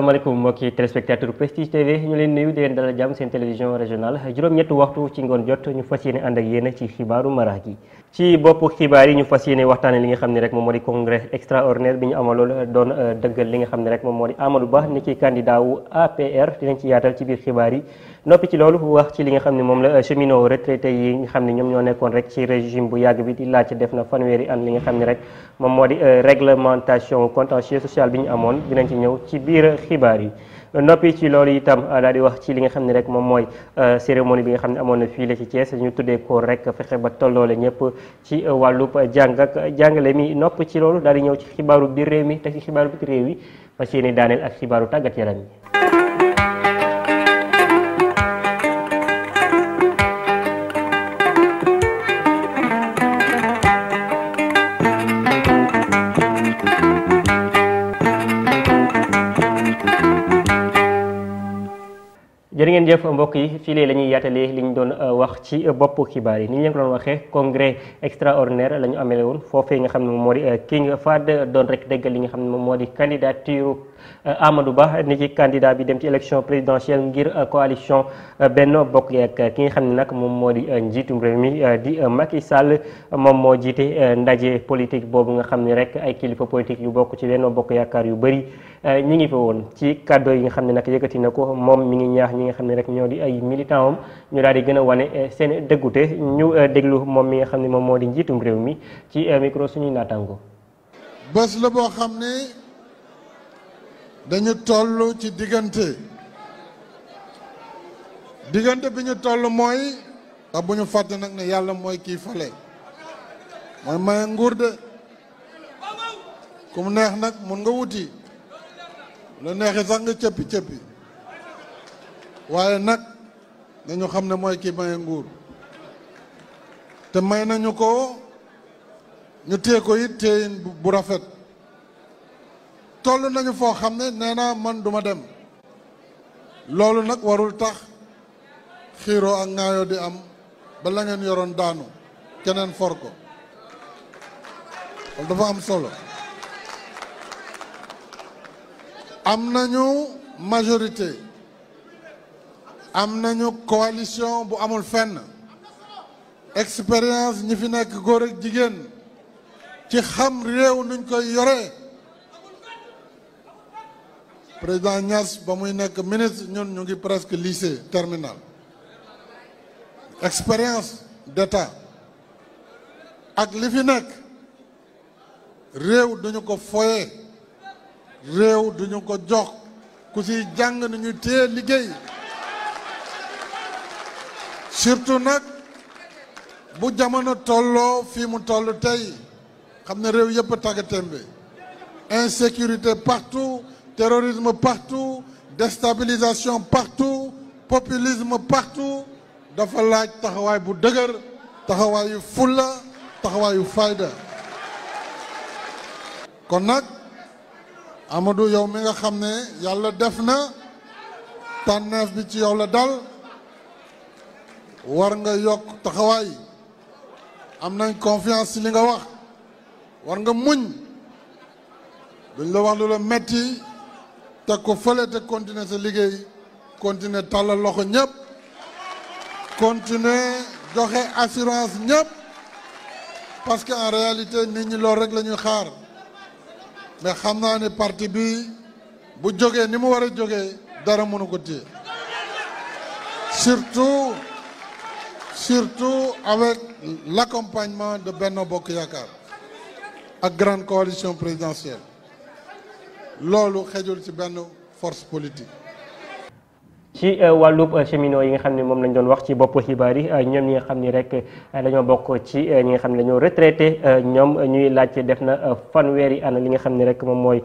asalaamaaleykum mbokki téléspectateur Prestige TV ñu leen nuyu di leen dalal jàmm seen télévision régionale juróom-ñetti waxtu ci ngoon jot ñu fas yéene ànd ak yéen ci xibaaru maraax gi ci bopp xibaar yi ñu fas yéene waxtaane li nga xam ne rek moom moo di congrès extraordinaire bi ñu amalool euh, doon euh, dëggal li nga xam ne rek moom moo di Amadou Ba ni ki candidat wu APR dinañ ci yaatal ci biir xibaar yi noppi ci loolu wax ci li nga xam ne moom la euh, cheminot retraité yi nga xam ne ñoom ñoo nekkoon rek ci régime bu yàgg bi di laajte def na fanweeri an li nga xam ne rek moom moo di euh, réglementation contentieux social bi ñu amoon dinañ ci ñëw ci biir xibaar yi noppi ci loolu itam euh, daal ci li nga xam ne rek moom mooy cérémonie bi nga xam ne amoon na fii la ci Thiès ñu tuddee ko rek fexe ba tolloole ñëpp ci wàllu jàng jàngale mi nopp ci loolu daal di ñëw ci xibaaru biir réew mi te ci xibaaru biir réew yi fas yéene daaneel ak xibaaru tàggat yaram yi ngeen jëf mbokk yi fii lee la li ñu doon euh, wax ci euh, bopp xibaar yi ni ñu leen ko doon waxee congrès extraordinaire la ñu amele woon foofee nga xam ne moom moo di euh, King Fahd doon rek déggal li nga xam ne moo di candidature Euh, Amadou Ba ni ki candidat bi dem ci élection présidentielle ngir euh, coalition euh, Benno Bokk Yaakaar ki nga xam ne nag moom moo di njiitum réew mi di Macky Sall moom moo jiite ndaje politique boobu nga xam ne rek ay kilifa politique yu bokk ci Benno Bokk Yaakaar yu bëri ñi ngi fa ci kàddo yi nga xam ne nag yëkkati na ko moom mi ngi ñaax ñi nga xam ne rek ñoo di ay militant ñu daal di gën a wane seen dëggute ñu déglu moom mi nga xam ne moom moo di njiitum réew mi ci micro suñuy naataango bés la boo xam ne dañu toll ci diggante diggante bi ñu toll mooy ndax bu ñu fàtte nag ne yàlla mooy kii fale mooy maye nguur de ku neex nag mun nga wuti la neexi sax nga cëppi cëppi waaye nag dañu xam ne mooy kii maye nguur te may nañu ko ñu téye ko it téyin bu rafet toll nañu foo xam ne nee naa man duma dem loolu nag warul tax xiiroo ak ŋaayoo di am ba la yoroon daanu keneen for ko loolu dafa am solo am nañu majorité am nañu coalition bu amul fenn expérience ñi fi nekk góor ak jigéen ci xam réew nuñ koy yore président Niass ba muy nekk ministre ñun ñu ngi presque lycée terminal expérience d'état ak li fi nekk réew duñu ko foye réew duñu ko jox ku ci jàng nañu téye liggéey surtout nag bu jamono tolloo fii mu toll tey xam na réew yëpp tàggatémbe insécurité partout terrorisme partout destabilisation partout populisme partout dafa laaj taxawaay bu dëgër taxawaayu fulla taxawaayu fayda kon nag Amadou yow mi nga xam ne yàlla def na tànneef bi ci yow la dal war nga yokk taxawaay am nañ confiance ci li nga wax war nga muñ duñ la wax lu la metti teg ko fële te continuer sa liggéey continuer tàllal loxo ñëpp continuer joxe assurance ñëpp parce que en réalité nit ñi loolu rek la ñuy xaar mais xam naa ni partie bi bu jógee ni mu war a jógee dara mënu ko téye surtout surtout avec l'accompagnement de Benno Bokk Yaakaar ak grande coalition présidentielle loolu xejul ci benn force politique. ci euh, wàllub euh, cheminot yi nga xam ne moom lañ doon wax ci bopp xibaar yi euh, ñoom ñi nga xam ni rek dañoo bokk ci ñi nga xam ne dañoo retraité ñoom ñuy laajte def na fanweeri an li nga xam ne rek moom mooy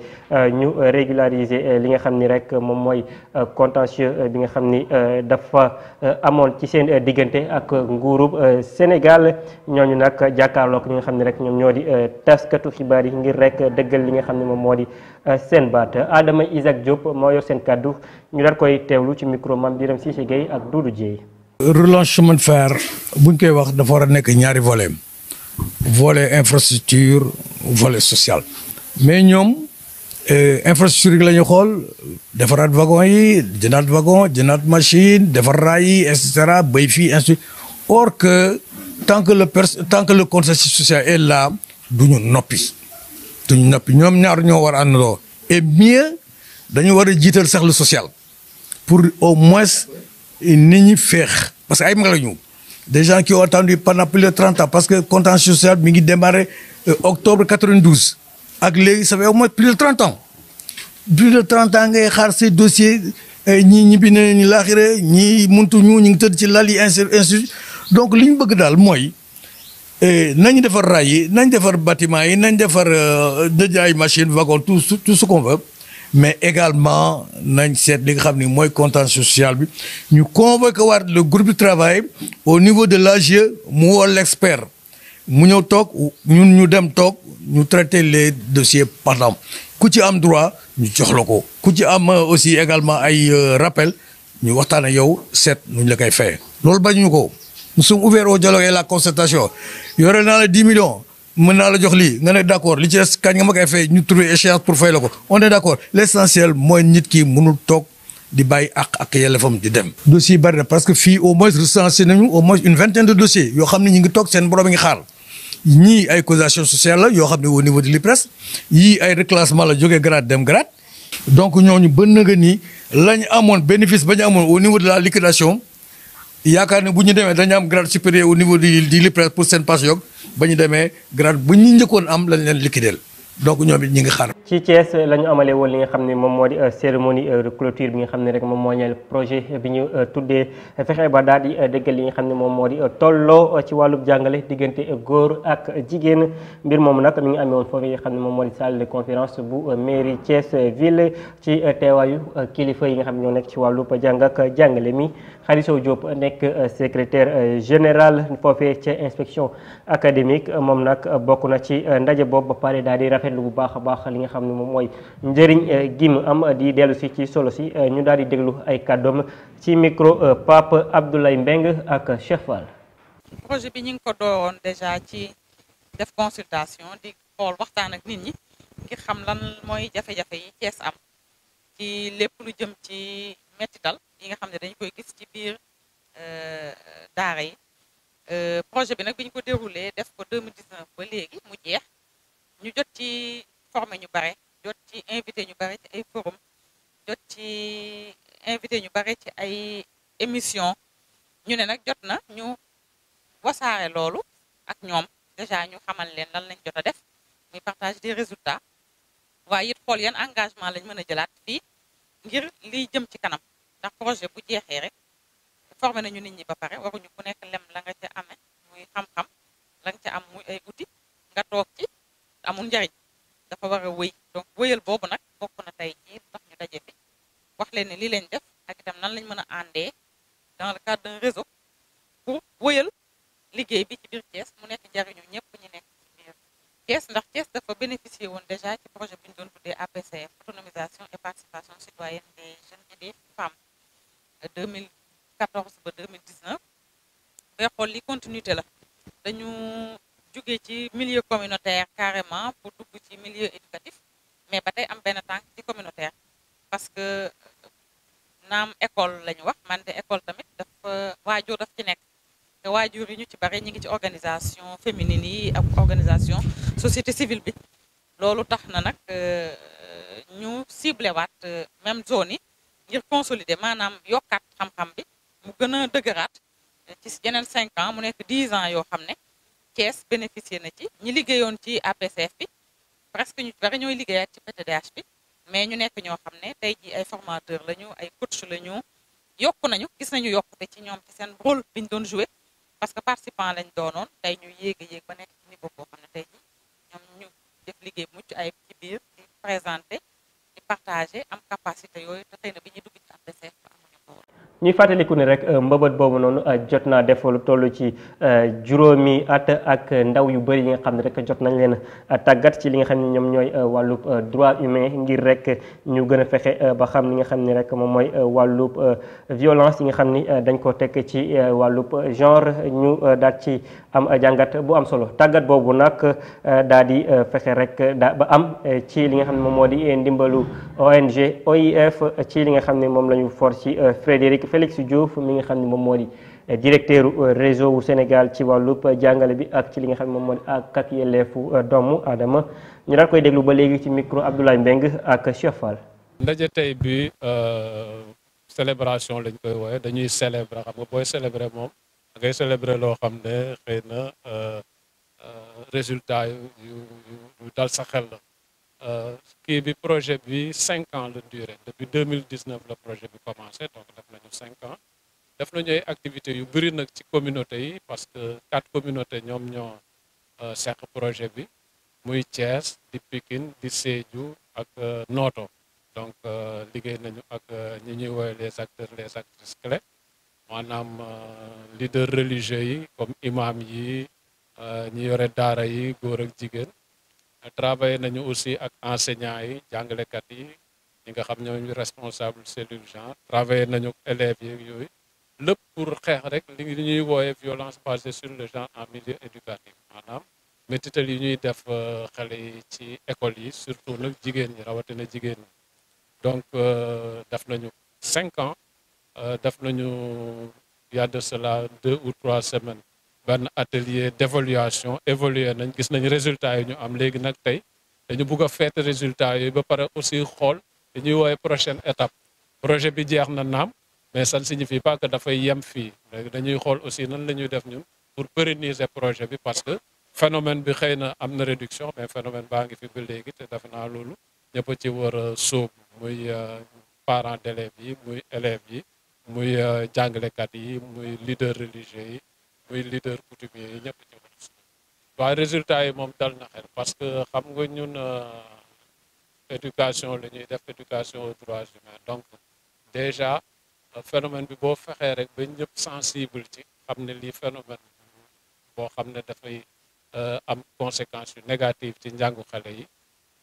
ñu régulariser li nga xam ni rek moom mooy contentieux bi nga xam ni dafa amoon ci seen diggante ak nguurub Sénégal ñooñu nag jàkkaarlook ñi nga xam ne rek ñoom ñoo di taskatu xibaar yi ngir rek dëggal li nga xam ne moom moo di. Euh, seen baat Adama Isaac Diop moo yor seen kàddu ñu daal koy teewlu ci micro Mame Birame Cissé Gueye ak Doudou Dieye. relance chemin de fer buñ koy wax dafa war a nekk ñaari volet volet infrastructure volet social. mais ñoom euh, infrastructure yi la ñu xool defaraat wagon yi jëndaat wagon jëndaat machine defar raay yi et cetera fii ainsi or que tant que le pers tant que le contexte social est là du ñu noppi. duñ noppi ñoom ñaar ñoo war a àndandoo et mieux dañu war a jiital sax le social pour au moins nit ñi feex parce que ay mag lañu des gens qui ont attendu pendant plus de trente parce que contentieux social mi ngi démarré euh, octobre 92 ak léegi sa fait au moins plus de trente ans plus de trente ans ngay xaar ces ñi euh, ñii ñibbi nañu laaxire ñii muntu ñu ñu ngi tëdd ci lal yi ainsi donc li ñu bëgg daal mooy. Eh, nañu defar raay yi nañ defar bâtiment yi nañ defar euh, dëj ay machine wagon tout tout ce mais également nañ seet li nga xam ni mooy content sociale bi ñu convoqué waat le groupe de travail au niveau de l'AGE mu woo l'expert mu ñëw toog ñu ñu dem toog ñu traiter les dossiers pendant ku ci am droit ñu jox la ko ku ci am euh, aussi également ay euh, rappel ñu waxtaan ak yow seet nuñ la koy fayee loolu bañu ko. nous sommes ouverts au dialogue et la concertation yore naa la 10 millions mën naa la jox lii nga ne d' accord li ci des kañ nga ma koy fay ñu trouver échéance pour fay la ko on est d' accord mooy nit ki mënul toog di bàyyi àq ak yelleefam di dem. dossier yi bari na parce que fii au moins recensé nañu au moins une vingtaine de dossiers yoo xam ne ñu ngi toog seen borom ngi xaar ñii ay causation sociale la yoo xam ne au niveau de l'IPRES yii ay reclassement la jógee grade dem grade. donc ñooñu ba nga ni lañ amoon bénéfice ba ñu amoon au la liquidation. yaakaar ne bu ñu demee dañu am grade supérieur au niveau du du l'IPRES pour seen passe yokk ba ñu demee grade bu ñu njëkkoon am lañ leen donc ñoom it ñi ngi xaar. ci Thiès la ñu amalee woon li nga xam ne moom moo di euh, cérémonie euh, de clôture bi nga xam ne rek moom moo ñeel projet bi ñu euh, tuddee fexe ba daal di déggal li nga xam ne moom moo di tolloo ci wàllub jàngale diggante góor ak jigéen mbir moom nag mi ngi amee woon foofu yi nga xam ne moom moo di salle de conférence bu mairie Thiès ville ci teewaayu kilifa yi nga xam ne ñoo nekk ci wàllu jàng jàngale mi Khady Sow nekk secretaire général foofee ca inspection académique moom nag bokk na ci ndaje boobu ba pare daal di rafetlu bu baax a baax li nga xam ne moom mooy njëriñ euh, gi mu am di dellu si ci solo si euh, ñu daal di déglu ay kàddoom ci micro euh, Pape Abdoulaye Mbengue ak Cheikh Fall. projet bi ñu ngi ko dooroon déjà ci def consultation di xool waxtaan ak nit ñi ngir xam lan mooy jafe-jafe yi Cees am ci lépp lu jëm ci mettital yi nga xam ne dañu koy gis ci biir daara yi projet bi nag bi ko déroulé def ko ba léegi mu jeex ñu jot ci formé ñu bare jot ci invité ñu bare ci ay forum jot ci invité ñu bare ci ay émission ñu ne nag jot na ñu wasaare loolu ak ñoom déjà ñu xamal leen lan lañ jot a def muy partage des résultats waaye it xool yan engagement lañ mën a jëlaat fii ngir liy jëm ci kanam ndax projet bu jeexee rek formé ñu nit ñi ba pare waruñu ku nekk lem la nga ca amee muy xam-xam la nga am muy ay outil nga toog ci amul njariñ dafa war a wëy donc wëyal boobu nag bokk na tey jii tax ñu daje fi wax leen ne li leen def ak lañ mën a àndee dans le cadre d'un réseau pour wëyal liggéey bi ci biir Thiès mu nekk njariñu ñëpp ñu nekk ci biir Thiès ndax Thiès dafa bénéficier woon déjà ci projet bi ñu doon tuddee APCF autonomisation et participation citoyenne des jeunes et des femmes 2014 ba 2019 bay xool li continuité la dañu jóge ci milieu communautaire carrément pour dugg ci milieu éducatif mais ba am benn tànk ci communautaire parce que euh, naam école la ñu wax man école tamit dafa waajur daf ci nekk te waajur yi ñu ci bare ñi ngi ci organisation féminine yi ak organisation société civile bi loolu tax na nag euh, ñu cible waat euh, même zone yi ngir consolider maanaam yokkaat xam-xam bi mu gën a dëgëraat ci yeneen cinq ans mu nekk dix ans yoo xam ne Thiès bénéficié na ci ñi liggéeyoon ci APCF bi presque ñu bari ñooy liggéeyaat ci PTDH bi mais ñu nekk ñoo xam ne tey ji ay formateur lañu ay coach lañu yokk nañu gis nañu yokkute ci ñoom ci seen rôle bi ñu doon joué parce que participant lañ doonoon tey ñu yéeg a yéeg ba nekk ci niveau ko xam ne tey ji ñoom ñu def liggéey mucc ay ci biir présenté di partagé am capacité yooyu te tey na bi ñuy dugg ci APCF ñuy fàttaliku ni rek euh, mbëbët boobu noonu euh, jot naa def lu toll ci euh, juróomi at ak ndaw yu bëri yi nga xam ne rek jot nañ leen tàggat ci li nga xam ne ñoom ñooy wàllu droit humain ngir rek ñu gën a fexe ba xam li nga xam ni rek moom mooy wàllub violence yi nga xam ni dañ ko teg ci wàllu genre ñu daal ci am jàngat bu am solo tàggat boobu nag daal di fexe rek daa ba am ci li nga xam ne moom moo di ndimbalu for ci Frédéric Félix Diouf mi nga xam ne moom moo di eh, directeur eh, réseau wu Sénégal ci wàllu jàngale bi ak ci li nga xam ne moom moo di ak ak yelleefu eh, doomu aadama ñu daal koy déglu ba léegi ci micro Abdoulaye Mbengue ak Cheikh Fall. ndaje tey bi célébration lañ koy wooye dañuy célébrer xam nga booy célébrer moom ngay célébrer loo xam ne xëy na résultat yu yu dal sa xel la. kii euh, bi projet bi cinq ans la durée depuis deux mille dix neuf la projet bi commencé donc def nañu cinq ans def nañu ay activités yu bëri nag ci communauté yi parce que quatre communautés ñoom ñoo euh, seq projet bi muy Thiès di Pikine di Sédhiou ak euh, Noto donc liggéey nañu ak ñi ñuy woowee les acteurs les actrices clés maanaam leader religieux yi comme imam yi ñi yore daara yi góor ak jigéen travaillé nañu aussi ak enseignants yi jàngalekat yi ñi nga xam ñooñu responsable cellule genre travaillé nañu élèves yeeg yooyu lépp pour xeex rek li ñuy wooyee violence basée sur le genre en milieu éducatif maanaam métital yi ñuy def euh, xele yi ci école yi surtout nag jigéen ñi rawatina jigéen ñi donc euh, def nañu cinq ans euh, def nañu il y a de cela deux ou trois semaines benn atelier d'évaluation évaluer nañ gis nañ résultat yi ñu am léegi nag tey dañu bugg a feete résultat yi ba pare aussi xool dañuy woowee prochaine étape projet bi jeex na naam mais ça ne signifie pas que dafay yem fii léegi dañuy xool aussi nan la ñuy def ñun pour pérenniser projet bi parce que phénomène bi xëy na am na réduction mais phénomène baa ngi fi ba léegi te defe naa loolu ñëpp ci war soob sóob muy euh, parents d'élèves yi muy élèves yi muy euh, jàngalekat yi muy leader religieux yi muy leader coutumier yi ñëpp ci wax waaye résultat yi moom dal na xel parce que xam nga ñun euh, éducation la ñuy def éducation aux droits humains donc déjà euh, phénomène bi boo fexee rek ba ñëpp sensible ci xam ne lii phénomène boo xam ne dafay euh, am conséquence yu négative ci njàngu xale yi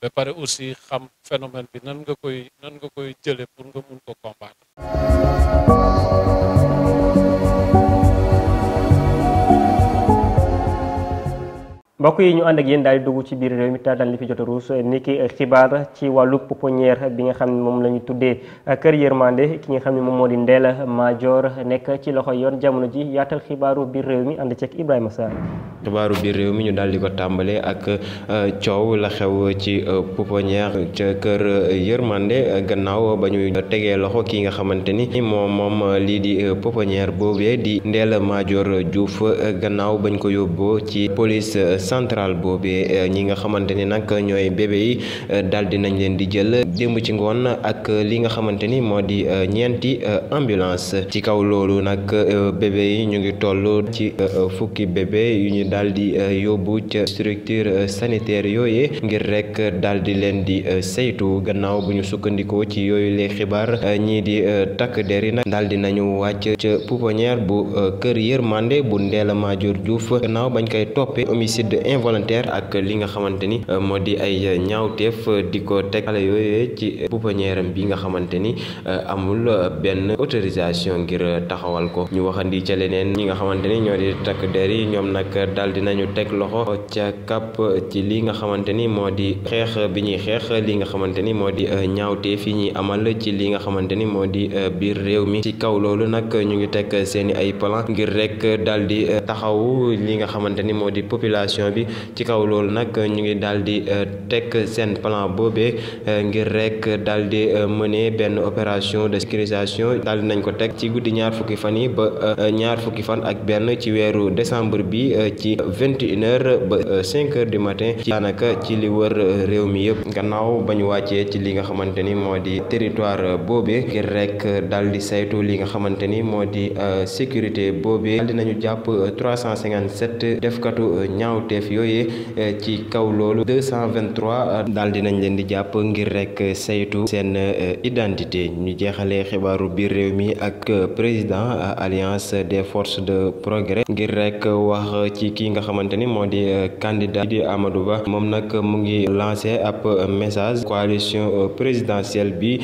ba pare aussi xam phénomène bi nan nga koy nan nga koy jële pour nga mun ko combattre bokk yi ñu ànd ak yéen daal di dugg ci biir réew mi taataan li fi jot a ruus niki xibaar ci wàllu pouponnière bi nga xam ne moom la ñu tuddee kër yërmande ki nga xam ne moom moo di Ndella Madior nekk ci loxo yoon jamono ji yaatal xibaaru biir mi ànd ceeg Ibrahima Sarr. xibaaru biir réew mi ñu daal di ko tàmbalee ak euh, coow la xew ci euh, pouponnière ca kër gannaaw ba ñu tegee loxo ki nga xamante ni moom moom lii di euh, pouponnière boobee di Ndella Madior Diouf gannaaw bañ ko yóbboo ci police. centrale boobee euh, ñi nga xamante ni nag ñooy bébé yi euh, daal di nañ leen di jël démb ci ngoon ak li nga xamante ni moo di euh, ñeenti ambulance ci kaw loolu nag bébé yi ñu ngi toll ci fukki bébé yu ñu daal di yóbbu ca structure sanitaire yooyee ngir rek daal di leen di saytu gannaaw bu ñu sukkandikoo ci yooyu les xibaar ñii di takk der yi nag daal nañu wàcc ca pouponnière bu kër yërmande bu Ndella Madior Diouf gannaaw bañ koy toppee homicide involontaire ak li nga xamante ni euh, moo di ay ñaawteef euh, di ko teg xale yooyee ci pouponnière bi nga xamante ni euh, amul benn autorisation ngir taxawal ko ñu waxandi ca leneen ñi nga xamante ni ñoo di takk der yi ñoom nag daal nañu teg loxo ca kàpp ci li nga xamante ni moo di xeex bi ñuy xeex li nga xamante ni moo di ñaawteef yi ñuy amal ci li nga xamante ni moo di biir réew mi ci kaw loolu nag ñu ngi teg seeni ay plan ngir rek daal di taxaw li nga xamante ni moo di population bi ci kaw loolu nag ñu ngi daal di euh, teg seen plan boobee euh, ngir rek daal di euh, mener benn opération de sécurisation daal nañ ko teg ci guddi ñaar fukki fan yi ba ñaar fukki fan ak benn ci weeru décembre bi ci vingt ba cinq heures du ci li wër réew mi yëpp gannaaw ba ñu wàccee ci li nga xamante ni moo di territoire boobee ngir rek daal di saytu li nga xamante ni moo di sécurité boobee daal di nañu jàpp trois cent cinquante sept defkatu ñaawte ñaawteef yooyee eh, ci kaw loolu 223 eh, daal dinañ leen di jàpp ngir rek eh, saytu seen identité ñu jeexalee xibaaru biir réew mi ak président alliance des forces de progrès ngir rek wax ci kii nga xamante ni moo di candidat di Amadou Ba moom nag mu ngi lancé ab message coalition présidentielle bi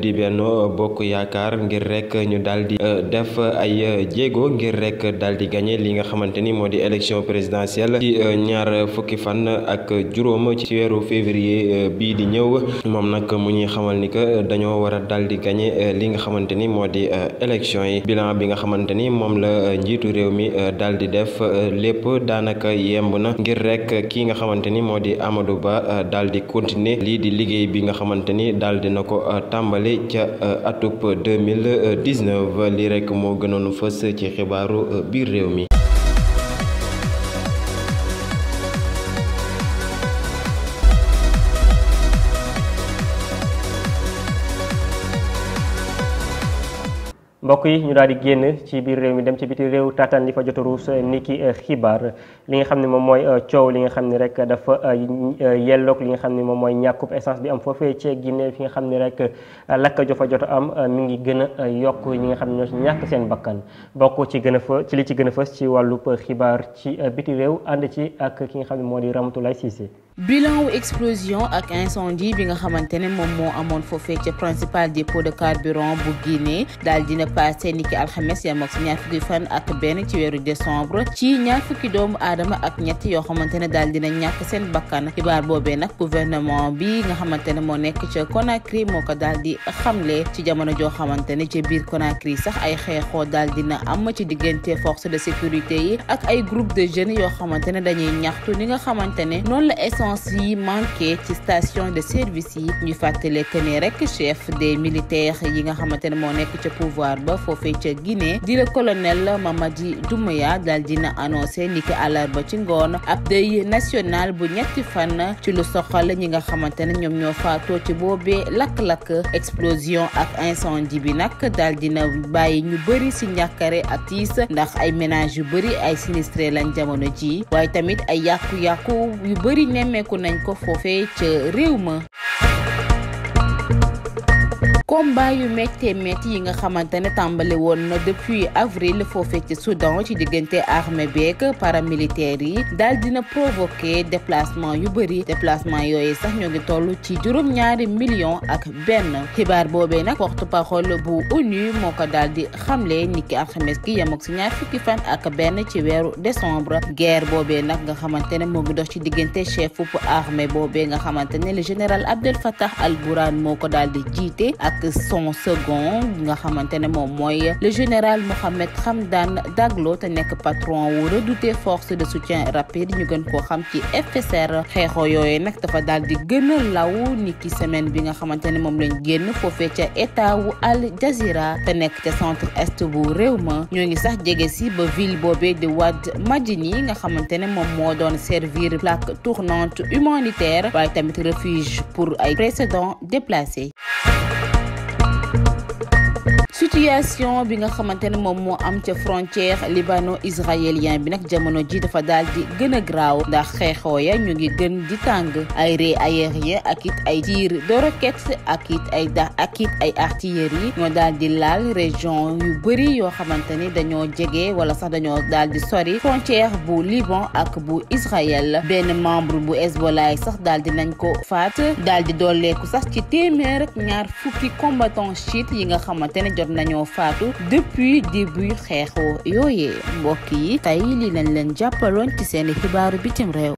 di benn Bokk Yaakaar ngir rek ñu daal di def ay jéego ngir rek daal di gagné li nga xamante ni moo di élection présidentielle ci ñaar fukki fan ak juróom ci weeru février euh, bii di ñëw moom nag mu ñuy xamal ni que dañoo war a daal di gagné euh, li nga xamante ni moo di euh, élection yi bilan bi nga xamante ni moom la njiitu réew mi daal di def lépp daanaka yemb na ngir rek kii nga xamante ni moo di Amadou Ba daal di continuer lii di liggéey bi nga xamante ni daal di na ko tàmbali ca atub 2019 lii rek moo gënoon fës ci xibaaru biir réew mi bokk yi ñu daal di génn ci biir réew mi dem ci biti réew taataan li fa jot ruus eh, ni ki eh, xibaar li nga xam ne moom mooy eh, coow li nga xam ne rek dafa yelloog li nga xam ne moom mooy ñàkkub essence bi am foofee ci Guinée fi nga xam ne rek lakk jo jot am mi ngi gën a yokk ñi nga xam ñoo ci ñàkk seen bakkan bokk ci gën a fa ci li ci gën a fës ci wàllu xibaar ci biti réew ànd ci ak ki nga xam ne moo di Ramatoulaye Cissé bilan wu explosion ak incendie bi nga xamante ne moom moo amoon foofee ca principal dépôt de carburant bu Guinée daal dina passé niki alxames yam ak ñaar fukki fan ak benn ci weeru décembre ci ñaar fukki doomu aadama ak ñett yoo xamante ne daal dina ñàkk seen bakkan xibaar boobee nag gouvernement bi nga xamante ne moo nekk ca Conakry moo ko daal di xamle ci jamono joo xamante ne ca biir Conakry sax ay xeexoo daal dina am ci diggante force de sécurité yi ak ay groupe de jeunes yoo xamante ne dañuy ñaxtu ni nga xamante essence yi ci station de service yi ñu fàttale que ni rek chef de militaires yi nga xamante ne moo nekk ca pouvoir ba foofee ca Guinée di le colonel Mamadi Doumbouya daal dina annoncé ni ki àllarba ci ngoon ab deuil national bu ñetti fan ci lu soxal ñi nga xamante ne ñoom ñoo faatoo ci boobee lakk-lakk explosion ak incendie bi nag daal dina bàyyi ñu bëri si njàkkare ak tiis ndax ay ménages yu bëri ay sinistré lañ jamono ji waaye tamit ay yàqu-yàqu yu bëri nem nemmeeku nañ ko foofee ca réew ma combat yu méttee métti yi nga xamante ne tàmbali woon na depuis avril foofee ci Soudan ci diggante armée beek paramilitaire yi daal dina provoqué déplacement yu bëri déplacement yooyu sax ñoo ngi toll ci juróom-ñaari millions ak benn xibaar boobee nag porte parole bu ONU moo ko daal di xamle niki alxames gi yem ak si ñaar fukki fan ak benn ci weeru décembre guerre boobee nag nga xamante ne moo ngi dox ci diggante chef fu armée boobe nga xamante ne le général Abdel Fattah al-Burhan moo ko daal di jiite ak ak son second nga xamante ne moom mooy le général Mohamed Hamdan Daglo te nekk patron wu redouté force de soutien rapide ñu gën koo xam ci FSR xeexoo yooy nag dafa dal di gëna law ni ki semaine bi nga xamante ne moom lañ génn foofee ca état wu Al Jazira te nekk ca centre est bu réew ma ñoo ngi sax jege si ba ville boobee di Wad Madini nga xamante ne moom moo doon servir plaque tournante humanitaire waaye tamit refuge pour ay précédents déplacés situation bi nga xamante ne moom moo am ca frontière libano israélien bi nag jamono ji dafa daal di gën a graaw ndax xeexoo ya ñu ngi gën di tàng ay raid aérien ak it ay tir de roquettes ak it ay dax ak it ay artillerie ñoo daal di laal région yu bëri yoo xamante ni dañoo jege wala sax dañoo dal di sori frontière bu Liban ak bu Israël benn membre bu Hezbollah sax daal di nañ ko faat daal di dooleeku sax ci téeméer ñaar fukki combattant chiite yi nga xamante jot nañoo faatu depuis début xeex yooyee mbokk yi tey li leen leen jàppaloon ci seen xibaaru bitim réew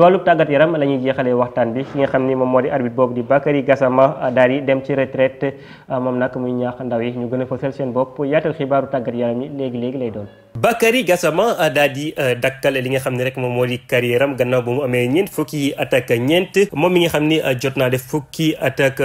ci wàllu tàggat yaram la ñuy jeexalee waxtaan bi fi nga xam ni moom moo di arbitre boobu di Bakary gasama ah, daal di dem ci retraite ah, moom nag muy ñaax ndaw yi ñu gën a fësal seen bopp yaatal xibaaru tàggat yaram yi léegi léegi lay doon. Bakary gasama euh, daal di euh, dakkal li nga xam ne rek moom moo di carrière am gannaaw ba mu amee ñeent fukki at ñeent moom mi nga xam ni euh, jot naa def fukki at ak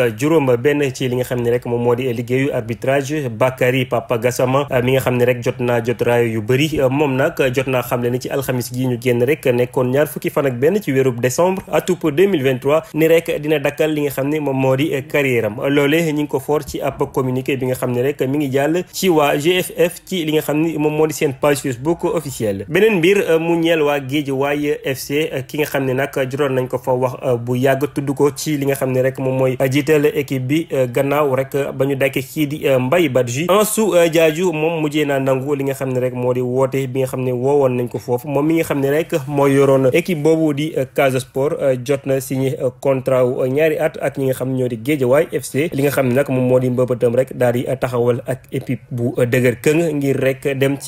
benn ci li nga xam ne rek moom moo di liggéeyu arbitrage Bakary Papa Gassama mi nga xam ne rek jot naa jot raayo yu bëri moom nag jot naa xamle ni ci alxamis gi ñu génn rek nekkoon ñaar fukki fan ak benn ci wérub décembre atub 2023 ni rek dina dakkal li nga xam ne moom moo di carrière am loole ñi ngi ko foor ci ab communiqué bi nga xam ne rek mi ngi jàll ci waa GFF ci li nga xam ni moom moo di seen page Facebook officielle beneen mbir euh, mu ñeel waa Guédiawaye euh, FC euh, ki nga xam ne nag juróon nañ ko fa wax bu yàgg tudd ko ci li nga xam ne rek moom mooy jiital équipe bi gannaaw rek ba ñu dàkkee kii di mbay Mbaye Badji Ansu Jaaju moom mujjee naa nangu li nga xam ne rek moo di woote bi nga xam ne woowoon nañ ko foofu moom mi nga xam ne rek moo yoroon équipe boobu di Casa Sport jot na signé contrat wu ñaari at ak ñi nga xam ñoo di Guédiawaye FC li nga xam ne nag moom moo di mbëbëtam rek daal di taxawal ak équipe bu dëgër këng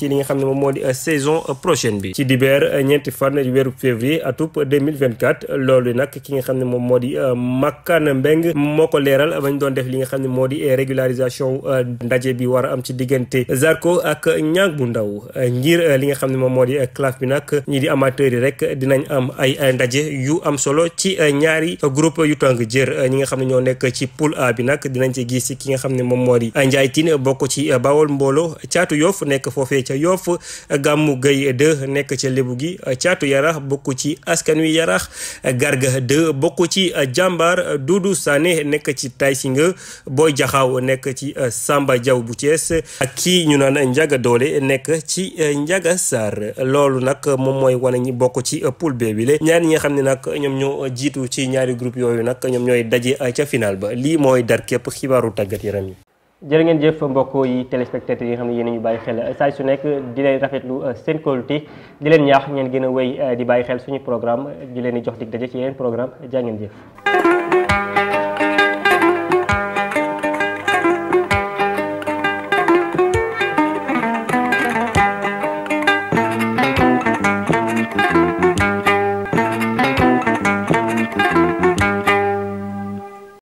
li nga xam ne moom moo di euh, saison euh, prochaine bi ci dibeer euh, ñeenti fan weeru février atub 2024 loolu nag ki nga xam ne moom moo di Makan Mbeng moo ko leeral bañ doon def li nga xam ne moo di régularisation ndaje bi war a am ci diggante Zarko ak Niang bu ndaw ngir li nga xam ne moom moo di CLAF bi nag ñi di amateurs yi rek dinañ am ay ndaje yu am solo ci ñaari groupe yu tàng jër ñi nga xam ne ñoo nekk ci poule A bi nag dinañ ci gis ki nga xam ne moom moo di Njaay Tine bokk ci Bawol Mbooloo jàpp gàmmu Gueye 2 nekk ca lébu gi caatu yarax bokku ci askan wi yarax garga 2 bokk ci jàmbaar Doudou Sané nekk ci nga booy jaxaaw nekk ci Samba Diaw bu Thiès ak kii ñu naan Njaga Doole nekk ci Njaga Sarr loolu nag moom mooy wane ñi bokk ci poule B bi le ñaar ñi nga xam ne nag ñoom ñoo jiitu ci ñaari groupe yooyu nag ñoom ñooy daje ca final ba lii mooy dar képp xibaaru tàggat yaram yi jërë ngeen jëf mbokk yi téléspectateurs yi nga xam ne yéen ñu bàyyi xel euh, saa su nekk di leen rafetlu euh, seen kóolute di leen ñaax ngeen gën a way euh, di bàyyi xel suñu programme di leen di jox dig daje ci yeneen programme ngeen jëf